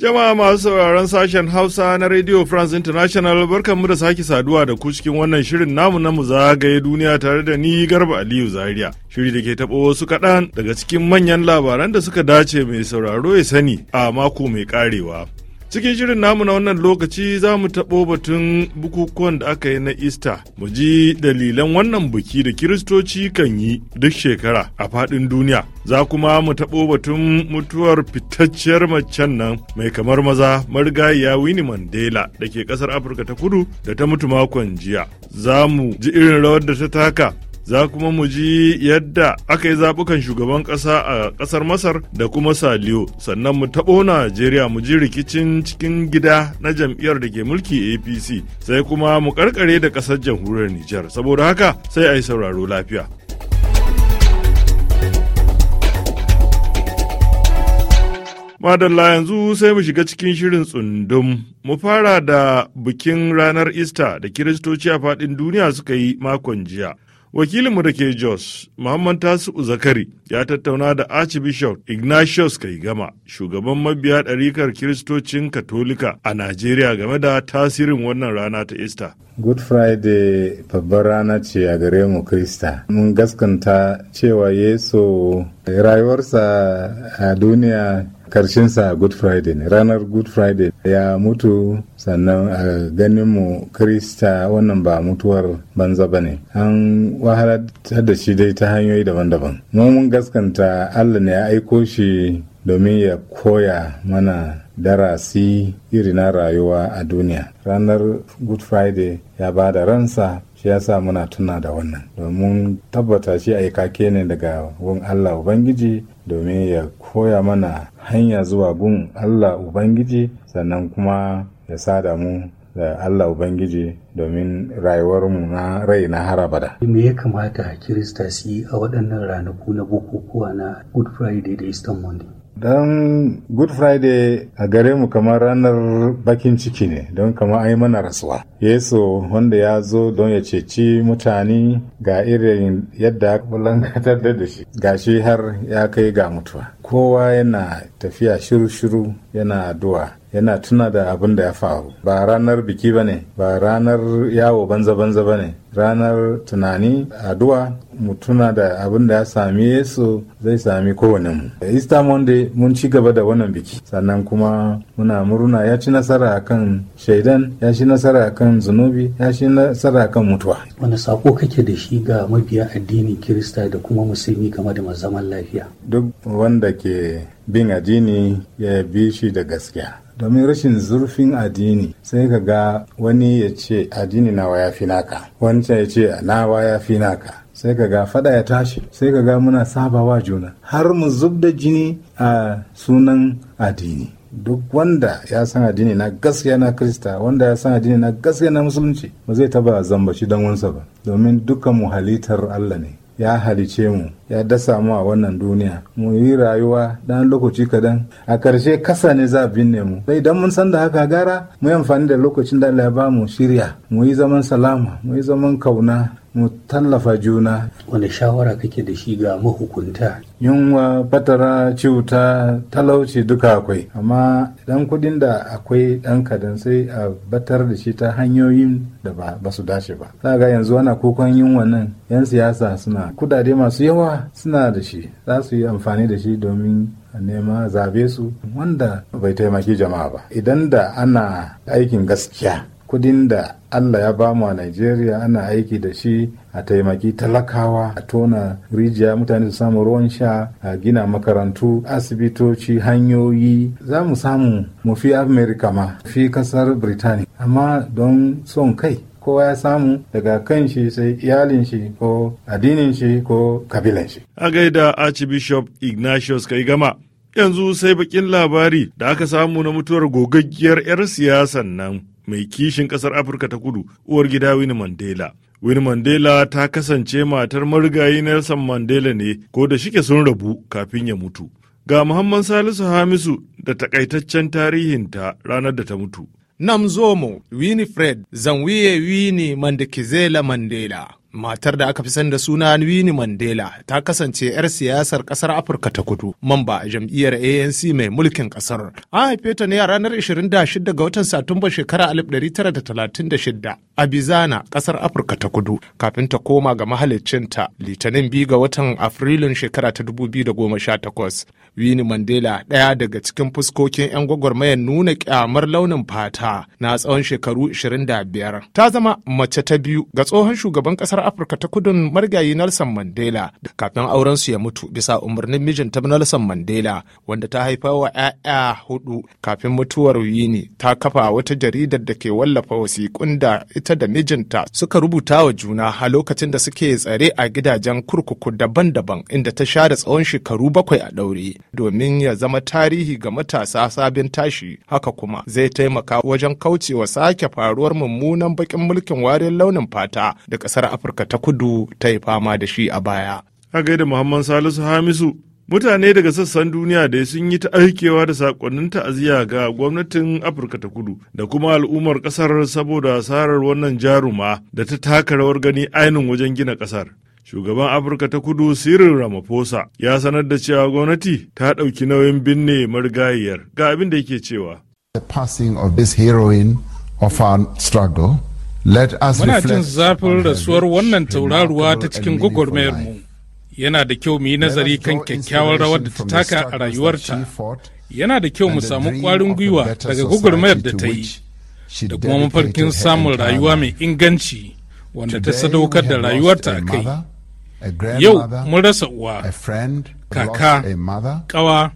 Jama'a masu sauraron sashen Hausa na Radio France International mu da sake saduwa da ku cikin wannan shirin namu na mu zagaye duniya tare da ni Garba Aliyu Zaria. Shiri da ke taɓo wasu kaɗan daga cikin manyan labaran da suka dace mai sauraro ya sani a mako mai ƙarewa. Cikin shirin namu na wannan lokaci za mu taɓo batun bukukuwan da aka yi na Easter, mu ji dalilan wannan buki da Kiristoci kan yi duk shekara a faɗin duniya. Za kuma mu taɓo batun mutuwar fitacciyar macen nan mai kamar maza marigayiya Winnie Mandela da ke ƙasar Afirka ta kudu da ta mutu makon jiya. Za mu ji irin rawar da ta taka za kuma mu ji yadda aka yi zaɓukan shugaban ƙasa a ƙasar masar da kuma saliyo sannan mu taɓo najeriya mu ji rikicin cikin gida na jam'iyyar da ke mulki apc sai kuma mu ƙarƙare da ƙasar jamhuriyar nijar saboda haka sai a yi sauraro lafiya Madalla yanzu sai mu shiga cikin shirin tsundum. Mu fara da bikin ranar easter da Kiristoci a faɗin duniya suka yi makon jiya. wakilinmu da ke jos muhammad tasiu zakari ya tattauna da archbishop ignatius kaigama shugaban mabiya ɗarikar kiristocin katolika a najeriya game da tasirin wannan rana ta easter. good friday babbar rana ce a gare mu krista mun gaskanta cewa yesu rayuwarsa a duniya karshensa good friday ranar good friday ya mutu sannan a ganin mu krista wannan ba mutuwar banza ba ne an wahalar da shi dai ta hanyoyi daban-daban mun gaskanta allah ne ya aiko shi domin ya koya mana darasi iri na rayuwa a duniya ranar good friday ya ba da ransa shi ya sa muna tuna da wannan domin tabbata shi aikake ne daga wun allah ubangiji domin ya koya mana hanya zuwa gun Allah Ubangiji sannan kuma ya sada mu da Allah Ubangiji domin rayuwarmu na rai na harabada. Me ya kamata Kirista su yi a waɗannan ranaku na bukukuwa na Good Friday da Easter Monday? Don Good Friday a gare mu kamar ranar bakin ciki ne don kamar ai mana rasuwa. Yesu wanda ya zo don ya ceci mutane ga irin yadda bulangatar da shi gashi har ya kai ga mutuwa. Kowa yana tafiya shiru-shiru yana addu'a yana tuna da abin da ya faru ba ranar biki ba ne ba ranar yawo banza-banza ba ne ranar tunani addu'a mu tuna da abin da ya sami yesu zai sami kowane mu easter monday mun ci gaba da wannan biki sannan kuma muna murna ya ci nasara kan shaidan ya ci nasara akan zunubi ya ci nasara akan mutuwa wani sako kake da shi ga mabiya addinin kirista da kuma musulmi game da zaman lafiya duk wanda ke bin addini ya bi shi da gaskiya domin rashin zurfin addini sai ka ga wani ya ce addini nawa ya fi naka wancan ya ce nawa ya fi naka sai ka ga fada ya tashi sai ka ga muna sabawa juna har mu zub da jini a sunan addini duk wanda ya san addini na gaskiya na krista wanda ya san addini na gaskiya na musulunci ba zai taba zambaci dan wansa ba domin dukkan mu halittar allah ne ya halice mu ya dasa mu a wannan duniya mu yi rayuwa dan lokaci kadan a karshe kasa ne za binne mu sai idan mun san da haka gara mu yi amfani da lokacin da Allah ya bamu shirya mu yi zaman salama mu yi zaman kauna mu tallafa juna. Wani shawara kake da shi ga mahukunta? Yunwa, batara ciwuta, talauci duka akwai. Amma dan kudin da akwai dan kadan sai a batar da shi ta hanyoyin da ba su dace ba. Za ga yanzu ana kukan yunwa nan 'yan siyasa suna kudade masu yawa suna da shi. Za su yi amfani da shi domin nema zabe su wanda bai taimaki jama'a ba. Idan da ana aikin gaskiya kudin da Allah ya bamu a Najeriya ana aiki da shi a taimaki talakawa a tona rijiya mutane su samu ruwan sha a gina makarantu asibitoci hanyoyi za mu samu mu fi Amerika ma fi kasar Birtaniya amma don son kai kowa ya samu daga kan shi sai iyalin shi ko addinin shi ko kabilan shi. A gaida Archbishop Ignatius gama Yanzu sai bakin labari da aka samu na mutuwar gogaggiyar 'yar siyasan nan mai kishin ƙasar Afirka ta kudu uwar gida wini Mandela. wini Mandela ta kasance matar marigayi Nelson Mandela ne ko da shike sun rabu kafin ya mutu. Ga Muhammad Salisu Hamisu da takaitaccen tarihinta ranar da ta mutu. Nam zomo Winifred Zanwiye Winnie Mandikizela Mandela. Matar da aka fi sani da suna Winnie Mandela ta kasance 'yar siyasar kasar Afirka ta kudu, mamba a jam'iyyar ANC mai mulkin kasar. An haife ta ne a ranar 26 ga watan Satumba shekara 1936 Abizana kasar Afirka ta kudu kafin ta koma ga mahaliccinta litinin biyu ga watan Afrilun shekara ta 2018. Winnie Mandela ɗaya daga cikin fuskokin 'yan gwagwarmayar nuna kyamar launin fata na tsawon shekaru 25. Ta zama mace ta biyu ga tsohon shugaban kasar Afirka ta kudun margayi Nelson Mandela kafin aurensu ya mutu bisa umarnin mijinta Nelson Mandela wanda ta haifa wa 'ya'ya hudu kafin mutuwar Winnie ta kafa wata jaridar da ke wallafa wasiƙun da ita mata da mijinta suka rubuta wa juna a lokacin da suke tsare a gidajen kurkuku daban-daban inda ta share tsawon shekaru bakwai a ɗaure domin ya zama tarihi ga matasa sabin tashi haka kuma zai taimaka wajen kaucewa sake faruwar mummunan bakin mulkin wariyar launin fata da ƙasar afirka ta kudu ta yi fama da shi a baya. A gaida Muhammad Salisu Hamisu Mutane daga sassan duniya da sun yi ta aikewa da sakonnin ta'aziyya ga gwamnatin Afirka ta kudu da kuma al'ummar kasar saboda asarar wannan jaruma da ta taka rawar gani ainihin wajen gina kasar. Shugaban Afirka ta kudu Cyril Ramaphosa ya sanar da cewa gwamnati ta ɗauki nauyin binne marigayiyar ga abin da yake cewa. The passing of this heroine of our struggle Muna jin zafin rasuwar wannan tauraruwa ta cikin mu. yana da kyau mu yi nazari kan kyakkyawar rawar da ta taka a rayuwarta yana da kyau mu samu ƙwarin gwiwa daga gugurmayar da ta yi da kuma mafarkin samun rayuwa mai inganci wanda ta sadaukar da rayuwarta a kai yau mun rasa uwa kaka ƙawa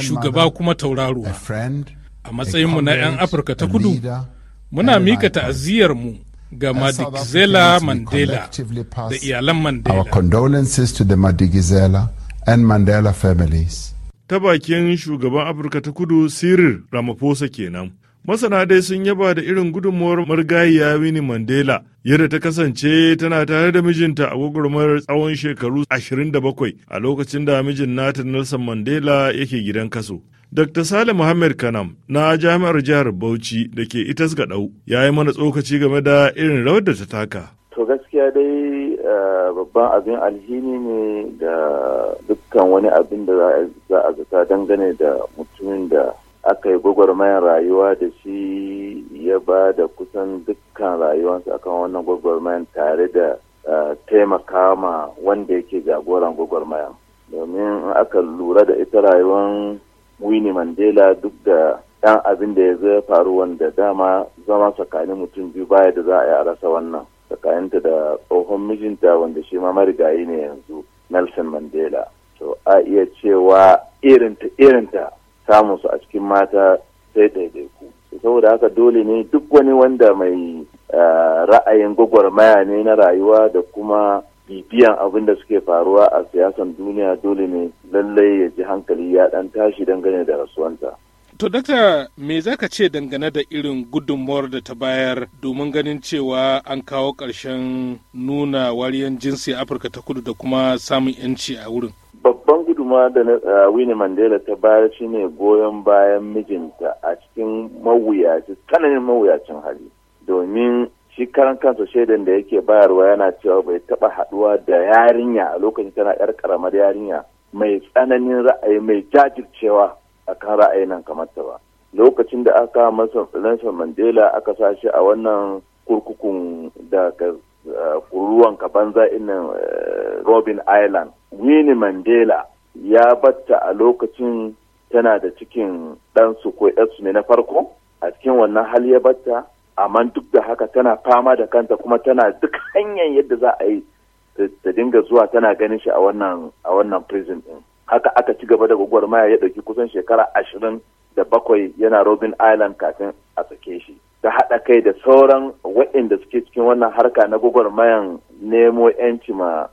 shugaba kuma tauraruwa a matsayinmu na 'yan afirka ta kudu muna mika ta'aziyarmu. ga Madikizela Mandela da iyalan Mandela. Our condolences to the Madikizela and Mandela families. Ta bakin shugaban Afirka ta kudu Cyril Ramaphosa kenan. Masana dai sun yaba da irin gudunmuwar margayiya Winnie Mandela, yadda ta kasance tana tare da mijinta a gwagwarmar tsawon shekaru 27 a lokacin da mijin nata Nelson Mandela yake gidan kaso. Dr. Salim Muhammad Kanam na Jami'ar Jihar Bauchi da ke Itas ɗau ya yi mana tsokaci game da irin rawar da ta taka. To gaskiya dai eh, babban abin alhini ne da dukkan wani abin da za a zata dangane da mutumin da aka yi gwagwarmayar rayuwa da shi ya ba da kusan dukkan rayuwarsa akan wannan gwagwarmayar tare da eh, taimaka ma wanda yake jagoran gwagwarmayar domin aka lura da ita rayuwar winnie mandela duk da yan abin da ya zai faru wanda dama zama tsakanin mutum biyu baya da za a yi a rasa wannan tsakaninta da tsohon mijinta wanda shi ma marigayi ne yanzu nelson mandela to a iya cewa irinta irinta samun su a cikin mata sai ɗaiɗaiku saboda haka dole ne duk wani wanda mai eh, ra'ayin gwagwarmaya ne na rayuwa da kuma bibiyan abin da suke faruwa a siyasan duniya dole ne lallai ya ji hankali ya ɗan tashi dangane da rasuwanta. To, Dokta, me za ka ce dangane da irin gudunmuwar da ta bayar domin ganin cewa an kawo ƙarshen nuna wariyan jinsi a Afirka ta kudu da kuma samun 'yanci a wurin? Babban kuma da uh, Winnie Mandela ta bayar shi ne goyon bayan mijinta a cikin mawuyaci tsananin mawuyacin hali domin shi karan kansa shaidan da yake bayarwa yana cewa bai taba haduwa da yarinya a lokacin tana yar karamar yarinya mai tsananin ra'ayi mai jajircewa a kan ra'ayi nan kamar ta ba lokacin da aka masa Nelson Mandela aka sa shi a wannan kurkukun da kuruwan uh, ka banza inin uh, Robin Island Winnie Mandela ya batta a lokacin tana da cikin ɗansu ko yarsu ne na farko a cikin wannan hali ya batta amma duk da haka tana fama da kanta kuma tana duk hanyar yadda za a yi ta dinga zuwa tana ganin shi a wannan a wannan prison din haka aka ci gaba da gwagwarmaya ya ɗauki kusan shekara ashirin da bakwai yana robin island kafin a sake shi ta haɗa kai da sauran waɗanda suke cikin wannan harka na gwagwarmayan nemo yanci ma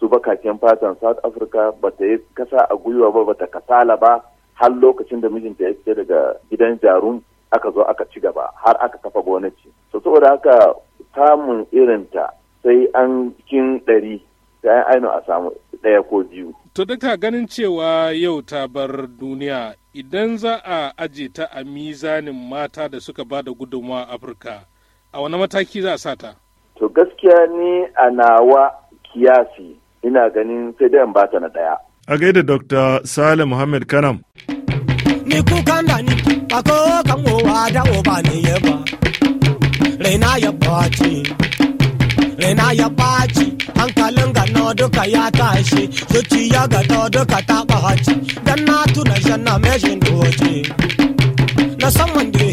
su bakaken fatan south africa ba ta yi kasa a gwiwa ba ba ta kasala ba har lokacin da mijinta ya fita daga gidan jarum aka zo aka ci gaba har aka kafa gwamnati so saboda haka samun irin ta sai an kin ɗari sai an aino a samu ɗaya ko biyu to duka ganin cewa yau ta bar duniya idan za a aje ta a mizanin mata da suka ba da gudunmawa afirka a wani mataki za a sa ta to gaskiya ni a nawa kiyasi ina ganin sai da ba ta na daya a gaida dr sale muhammad kanam ni kuka da ni bako kan wa da oba ne ya ba raina ya baci raina ya baci hankalin gano duka ya tashi zuciya gano duka ta baci dan na tuna shan na mejin doji na san wanda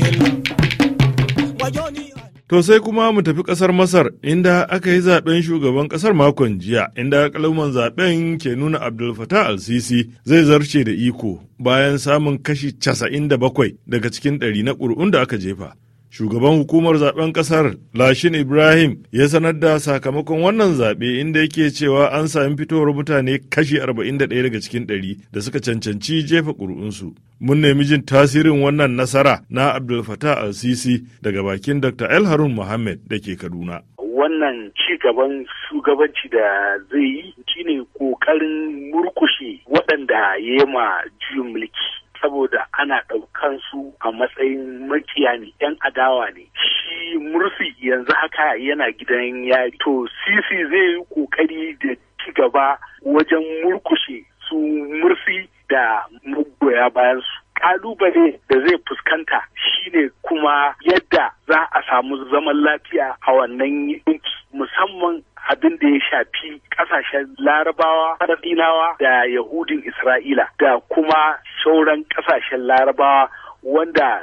To sai kuma mu tafi ƙasar Masar inda aka yi zaben shugaban ƙasar makon jiya inda kalman zaben ke nuna Abdul Fattah al-Sisi zai zarce da iko bayan samun kashi 97 daga cikin 100 na ƙuri'un da aka jefa. shugaban hukumar zaben kasar lashin ibrahim ya sanar da sakamakon wannan zaɓe inda yake cewa an sami fitowar mutane kashi 41 daga cikin 100 da suka cancanci jefa ƙuri'unsu mun nemi jin tasirin wannan nasara na abdul fatah al-sisi daga bakin dr el harun muhammad da ke kaduna wannan ci gaban shugabanci da zai yi shine kokarin murkushe waɗanda ya yi ma juyin mulki saboda ana ɗaukan su a matsayin makiya ne yan adawa ne shi mursi yanzu haka yana gidan yari to sisi zai yi kokari da ci gaba wajen murkushe su mursi da muguya bayan su kalubale da zai fuskanta shine kuma yadda za a samu zaman lafiya a wannan yanki musamman abin da ya shafi kasashen larabawa falasɗinawa da yahudin isra'ila da kuma sauran kasashen larabawa wanda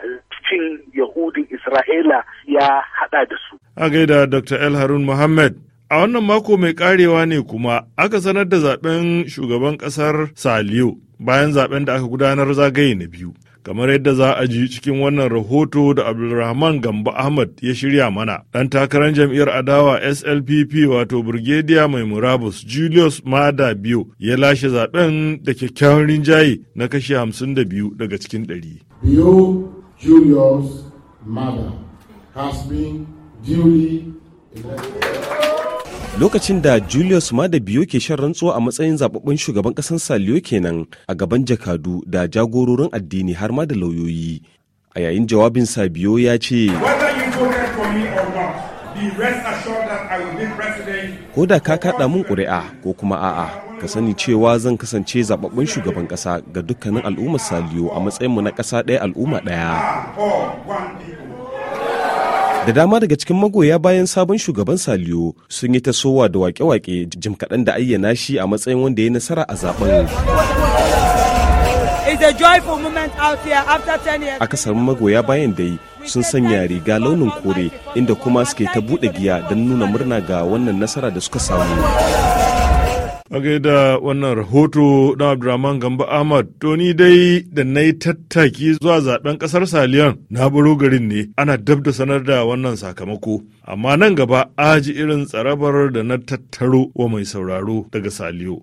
cin yahudin isra'ila ya hada da su a gaida dr el harun muhammad a wannan mako mai karewa ne kuma aka sanar da zaben shugaban kasar saliyo bayan zaben da aka gudanar zagaye na biyu kamar yadda za a ji cikin wannan rahoto da Abdulrahman Gambo Ahmad ya shirya mana. Ɗan takarar jam'iyyar adawa SLPP wato Brigadier Mai Murabus Julius Mada biyu ya lashe zaben da kyakkyawan rinjaye na kashi 52 daga cikin ɗari. Julius Mada has been duly elected. lokacin da julius ma da biyo ke shan rantsuwa a matsayin zababben shugaban kasan saliyo kenan a gaban jakadu da jagororin addini har ma da lauyoyi a yayin jawabin sabiyo ya ce ko da ka kaɗa mun ƙuri'a ko kuma a'a ka sani cewa zan kasance zababben shugaban ƙasa ga dukkanin al'ummar saliyo a matsayinmu na ƙasa ɗaya al'umma ɗaya da dama daga cikin magoya bayan sabon shugaban saliyo sun yi ta sowa da wake-wake jim kaɗan da ayyana shi a matsayin wanda ya nasara a zaben akasar magoya bayan dai sun sanya riga launin kore inda kuma suke ta buɗe giya don nuna murna ga wannan nasara da suka samu a gaida wannan rahoto na abdulrahman gambo ahmad to ni dai da na yi tattaki zuwa zaben kasar saliyan na buru garin ne ana dab da sanar da wannan sakamako amma nan gaba aji irin tsarabar da na tattaro wa mai sauraro daga saliyo.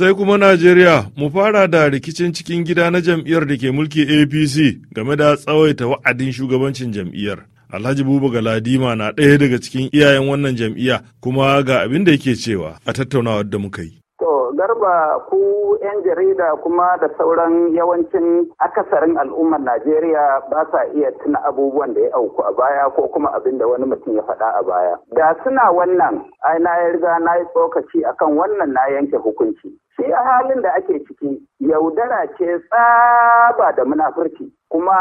Sai kuma Najeriya, mu fara da rikicin cikin gida na jam'iyyar da ke mulki APC game da tsawaita wa'adin shugabancin jam'iyyar. Alhaji Buba Galadima na ɗaya daga cikin iyayen wannan jam'iyya kuma ga abin da yake cewa a tattaunawar da muka yi. garba ku 'yan jarida kuma da sauran yawancin akasarin al'ummar Najeriya ba sa iya tuna abubuwan da ya auku a baya ko kuma abin da wani mutum ya faɗa a baya. Da suna wannan, ai na yi riga na yi tsokaci akan wannan na yanke hukunci. Shi a halin da ake ciki, yaudara ce tsaba da munafurci. Kuma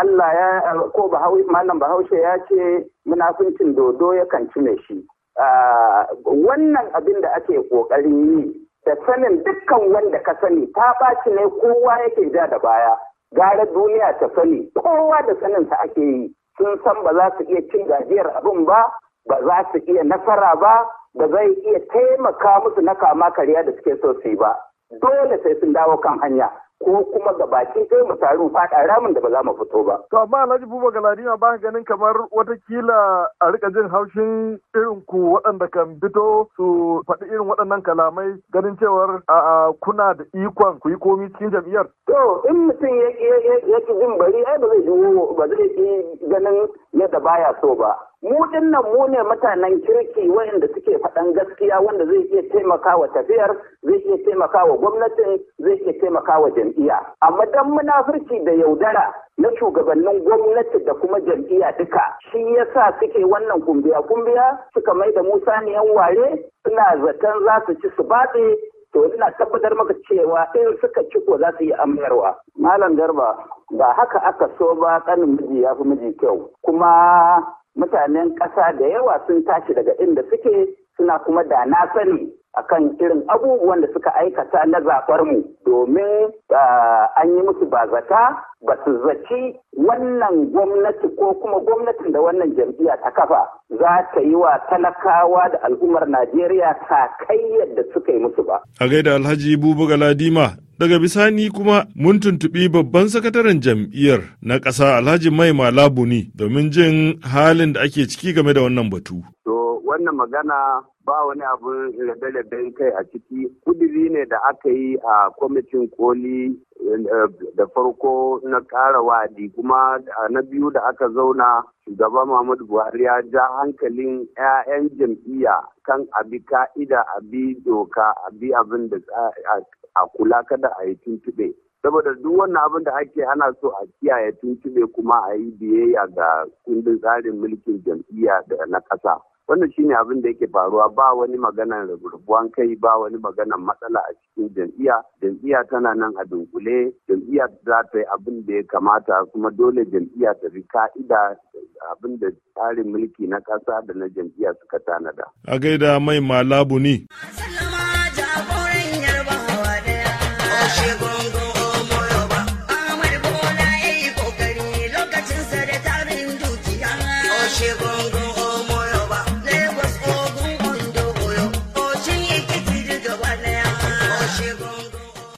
Allah ya ko malam Bahaushe ya ce munafuncin dodo yakan mai shi. Ah, wannan abin da ake ƙoƙarin yi da sanin dukkan wanda ka sani ta ɓaci ne kowa yake ja da baya gara duniya ta sani kowa da tsaninsa ake yi sun san ba za su iya cin gajiyar abin ba ba za su iya nasara ba ba zai iya taimaka musu na kama karya da suke so su yi ba dole sai sun dawo kan hanya ko kuma ga bakin kai mu taru faɗa ramin da ba za mu fito ba. To amma Alhaji Buba Galadima ba ganin kamar wata kila a rika jin haushin irin ku waɗanda kan fito su faɗi irin waɗannan kalamai ganin cewar a kuna da ikon ku yi komi cikin jam'iyyar. To in mutum ya ki jin bari ai ba zai ba zai ganin yadda baya so ba. mu dinnan mu ne mutanen kirki wayanda suke faɗan gaskiya wanda zai iya taimaka wa tafiyar zai iya taimaka wa gwamnatin zai iya taimaka wa jam'iyya amma dan munafurci da yaudara na shugabannin gwamnati da kuma jam'iyya duka shi yasa suke wannan kumbiya kumbiya suka mai da musaniyan ware suna zaton za su ci su batse to ina tabbatar maka cewa in suka ci ko za su yi amayarwa malam garba ba haka aka so ba kanin miji ya fi miji kyau kuma mutanen ƙasa da yawa sun tashi daga inda suke suna kuma da na sani a kan irin abubuwan da suka aikata na zafar mu domin ah, an yi musu bazata ba su zaci wannan gwamnati ko kuma gwamnatin da wannan jam'iyya ta kafa za ta yi wa talakawa da al'ummar Najeriya ta kai yadda suka yi musu ba. A gaida Alhaji Buba Galadima daga bisani kuma mun tuntuɓi babban sakataren jam'iyyar na ƙasa Alhaji Mai Malabuni domin jin halin da ake ciki game da wannan batu. wannan magana ba wani abun rabe-raben kai a ciki kudiri ne da aka yi a kwamitin koli eh, da farko na ƙara wadi kuma na biyu da aka zauna shugaba Muhammadu Buhari ya ja hankalin 'ya'yan jam'iyya kan abi ka'ida abi doka abi abin da a kula kada a yi tuntube saboda duk wannan abin da ake ana so a kiyaye tuntube kuma a yi biyayya ga kundin tsarin mulkin jam'iyya da na ƙasa. wannan shine abin da yake faruwa ba wani maganar rubuwan kai ba wani maganan matsala a cikin jam'iyya jam'iyya tana nan a dunkule jam'iyya za ta yi abin da ya kamata kuma dole jam'iyya ta bi ka'ida abin da tsarin mulki na ƙasa da na jam'iyya suka tanada a gaida mai malabu ne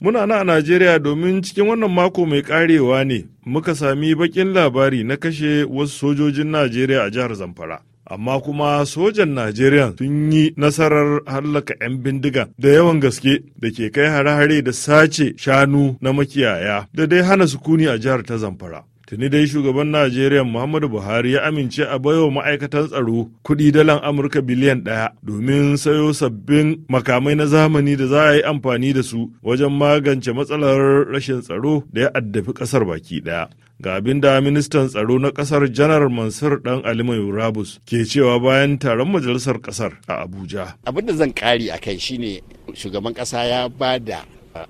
Muna nan a Najeriya domin cikin wannan mako mai karewa ne muka sami bakin labari na kashe wasu sojojin Najeriya a jihar Zamfara. Amma kuma sojan Najeriya sun yi nasarar hallaka 'yan bindiga da yawan gaske da ke kai hare-hare da sace shanu na makiyaya da dai hana sukuni a jihar ta Zamfara. Tuni dai shugaban Najeriya Muhammadu Buhari ya amince a baiwa ma'aikatan tsaro kuɗi dalan Amurka biliyan ɗaya domin sayo sabbin makamai na zamani da za a yi amfani da su wajen magance matsalar rashin tsaro da ya addafi ƙasar baki ɗaya. Ga abin da ministan tsaro na ƙasar Janar Mansur Dan Alimai Rabus ke cewa bayan taron majalisar ƙasar a Abuja. Abin da zan kari a kai shine shugaban ƙasa ya ba da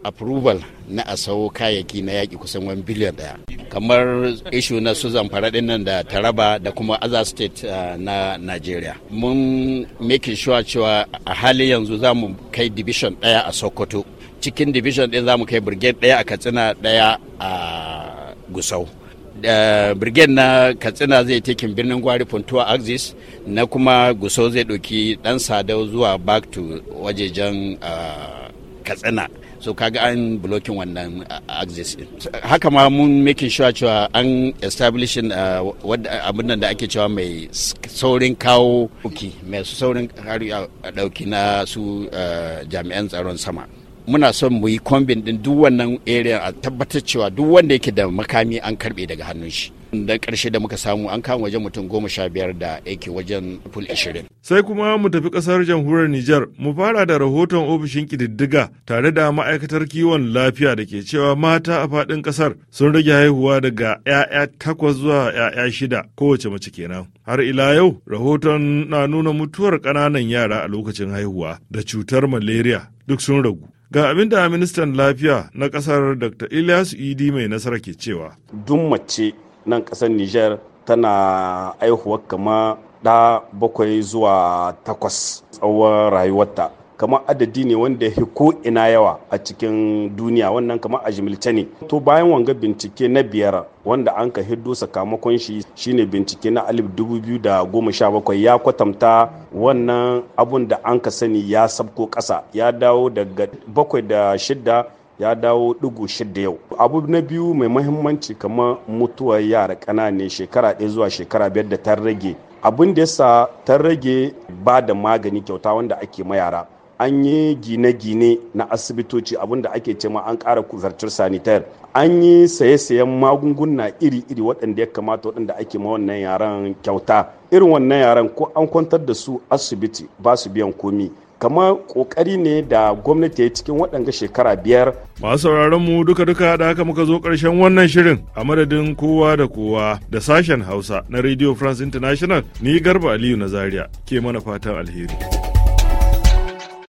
approval na a sawo kayayyaki na yaƙi kusan 1 biliyan daya kamar ishu na su zamfara din nan da taraba da kuma other state uh, na nigeria mun making sure cewa a halin yanzu za mu kai division daya a sokoto cikin division din za mu kai brigade daya a katsina daya a gusau brigade na katsina zai tekin birnin gwari puntuwa axis na kuma gusau zai ɗauki ɗan sadau zuwa back to wajejen uh, katsina so kaga an blocking wannan uh, access din haka ma mun making sure cewa an establishing uh, abin nan da ake cewa mai saurin kawo dauki mai saurin dauki uh, na su jami'an tsaron sama muna son mu yi kombin din duk wannan area a tabbatar cewa duk wanda yake da makami an karbe daga hannun shi da karshe da muka samu an kama wajen mutum goma sha biyar da yake wajen ful ashirin. sai kuma mu tafi ƙasar jamhuriyar nijar mu fara da rahoton ofishin ƙididdiga tare da ma'aikatar kiwon lafiya da ke cewa mata a faɗin ƙasar sun rage haihuwa daga 'ya'ya takwas zuwa 'ya'ya shida kowace mace kenan har ila yau rahoton na nuna mutuwar ƙananan yara a lokacin haihuwa da cutar malaria duk sun ragu ga abin da ministan lafiya na kasar dr ilyas idi mai nasara ke cewa duk mace nan ƙasar niger tana aihuwa kama da bakwai zuwa takwas tsawon rayuwarta kamar adadi ne wanda ya ko ina yawa a cikin duniya wannan kama a jimilce ne to bayan wanga bincike na biyar wanda an ka hiddo sakamakon shi shine bincike na alif dubu biyu da goma sha bakwai ya kwatanta wannan abun da an ka sani ya sabko ƙasa ya dawo daga bakwai da shidda ya dawo digo shida yau abu na biyu mai mahimmanci kamar mutuwar yara ƙanane shekara ɗaya zuwa shekara biyar da ta rage abin da yasa ta rage ba da magani kyauta wanda ake ma yara an yi gine-gine na asibitoci abinda ake cema an ƙara zartar sanitar an yi saye-sayen magunguna iri-iri waɗanda ya kamata waɗanda ake ma wannan yaran kyauta irin wannan yaran ko an kwantar da su asibiti ba su biyan komi kamar kokari ne da gwamnati ya cikin waɗanga shekara biyar. Masu sauraron mu duka duka da haka muka zo ƙarshen wannan shirin a madadin kowa da kowa da sashen Hausa na Radio France International ni Garba Aliyu na Zaria ke mana fatan alheri.